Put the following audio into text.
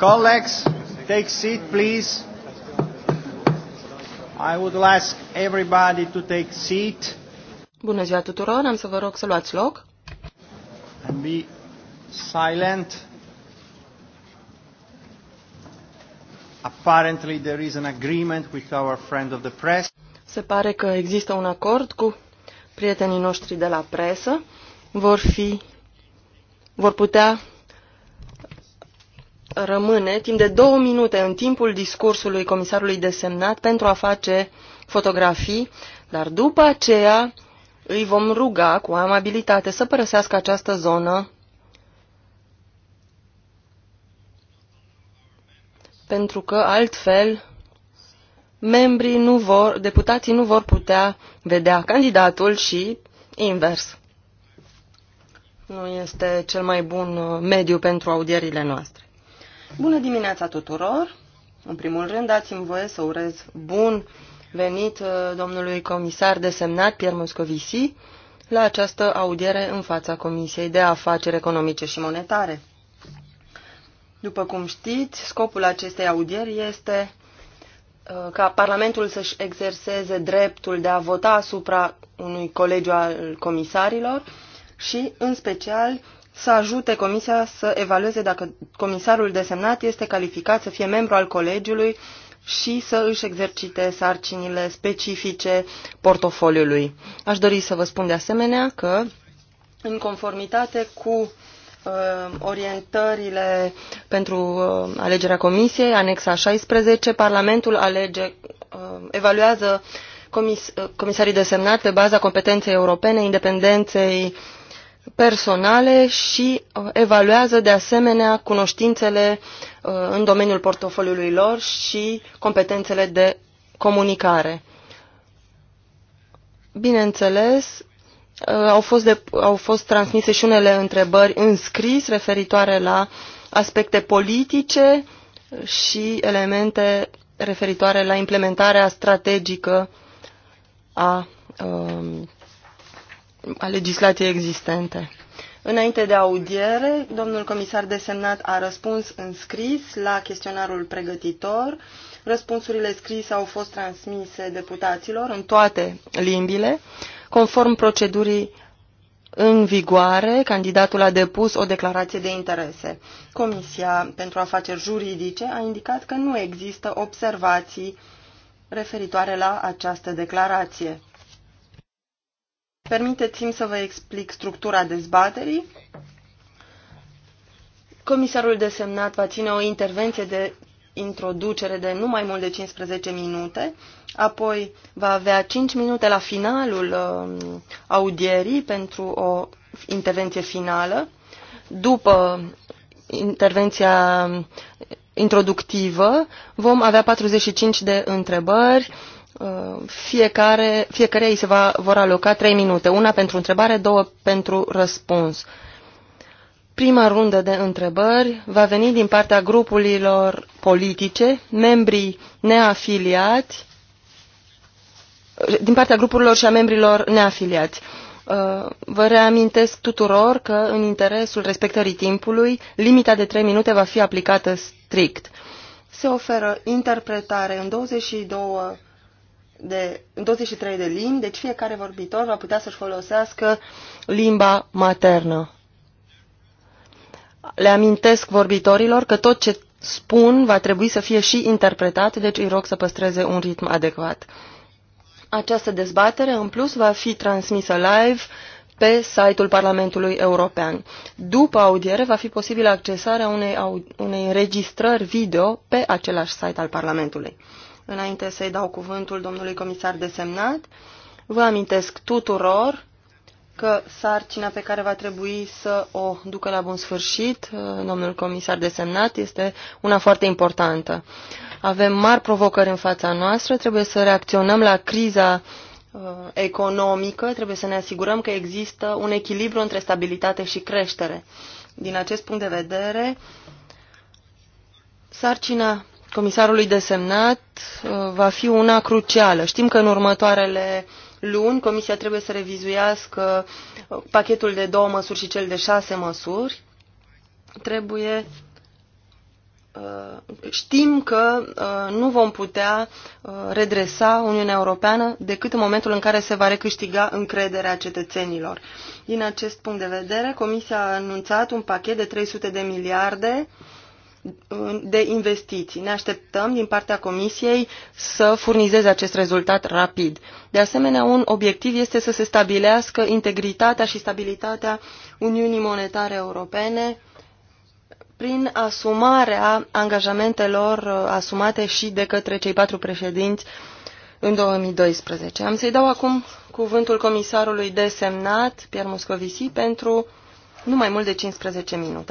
Colleagues, take seat, please. I would ask everybody to take seat. Bună ziua tuturor, am să vă rog să luați loc. And be silent. Apparently there is an agreement with our friend of the press. Se pare că există un acord cu prietenii noștri de la presă. Vor fi vor putea rămâne timp de două minute în timpul discursului comisarului desemnat pentru a face fotografii, dar după aceea îi vom ruga cu amabilitate să părăsească această zonă pentru că altfel membrii nu vor, deputații nu vor putea vedea candidatul și invers. Nu este cel mai bun uh, mediu pentru audierile noastre. Bună dimineața tuturor! În primul rând, dați-mi voie să urez bun venit uh, domnului comisar desemnat Pierre Moscovici la această audiere în fața Comisiei de Afaceri Economice și Monetare. După cum știți, scopul acestei audieri este uh, ca Parlamentul să-și exerseze dreptul de a vota asupra unui colegiu al comisarilor și, în special, să ajute Comisia să evalueze dacă comisarul desemnat este calificat să fie membru al colegiului și să își exercite sarcinile specifice portofoliului. Aș dori să vă spun de asemenea că, în conformitate cu uh, orientările pentru uh, alegerea Comisiei, anexa 16, Parlamentul alege, uh, evaluează comis, uh, comisarii desemnați pe baza competenței europene, independenței uh, personale și uh, evaluează de asemenea cunoștințele uh, în domeniul portofoliului lor și competențele de comunicare. Bineînțeles, uh, au fost, de, au fost transmise și unele întrebări în scris referitoare la aspecte politice și elemente referitoare la implementarea strategică a um, a legislației existente. Înainte de audiere, domnul comisar desemnat a răspuns în scris la chestionarul pregătitor. Răspunsurile scrise au fost transmise deputaților în toate limbile. Conform procedurii în vigoare, candidatul a depus o declarație de interese. Comisia pentru afaceri juridice a indicat că nu există observații referitoare la această declarație. Permiteți-mi să vă explic structura dezbaterii. Comisarul desemnat va ține o intervenție de introducere de nu mai mult de 15 minute, apoi va avea 5 minute la finalul uh, audierii pentru o intervenție finală. După intervenția introductivă vom avea 45 de întrebări, Uh, fiecare, fiecare îi se va, vor aloca trei minute, una pentru întrebare, două pentru răspuns. Prima rundă de întrebări va veni din partea grupurilor politice, membrii neafiliați, din partea grupurilor și a membrilor neafiliați. Uh, vă reamintesc tuturor că, în interesul respectării timpului, limita de 3 minute va fi aplicată strict. Se oferă interpretare în 22 de, în 23 de limbi, deci fiecare vorbitor va putea să-și folosească limba maternă. Le amintesc vorbitorilor că tot ce spun va trebui să fie și interpretat, deci îi rog să păstreze un ritm adecvat. Această dezbatere, în plus, va fi transmisă live pe site-ul Parlamentului European. După audiere va fi posibilă accesarea unei, unei înregistrări video pe același site al Parlamentului înainte să-i dau cuvântul domnului comisar desemnat. Vă amintesc tuturor că sarcina pe care va trebui să o ducă la bun sfârșit, uh, domnul comisar desemnat, este una foarte importantă. Avem mari provocări în fața noastră, trebuie să reacționăm la criza uh, economică, trebuie să ne asigurăm că există un echilibru între stabilitate și creștere. Din acest punct de vedere, sarcina comisarului desemnat uh, va fi una crucială. Știm că în următoarele luni Comisia trebuie să revizuiască uh, pachetul de două măsuri și cel de șase măsuri. Trebuie uh, știm că nu vom putea redresa Uniunea Europeană decât în momentul în care se va recâștiga încrederea cetățenilor. Din acest punct de vedere, Comisia a anunțat un pachet de 300 de miliarde de investiții. Ne așteptăm din partea Comisiei să furnizeze acest rezultat rapid. De asemenea, un obiectiv este să se stabilească integritatea și stabilitatea Uniunii Monetare Europene prin asumarea angajamentelor uh, asumate și de către cei patru președinți în 2012. Am să-i dau acum cuvântul comisarului desemnat, Pierre Moscovici, pentru nu mai mult de 15 minute.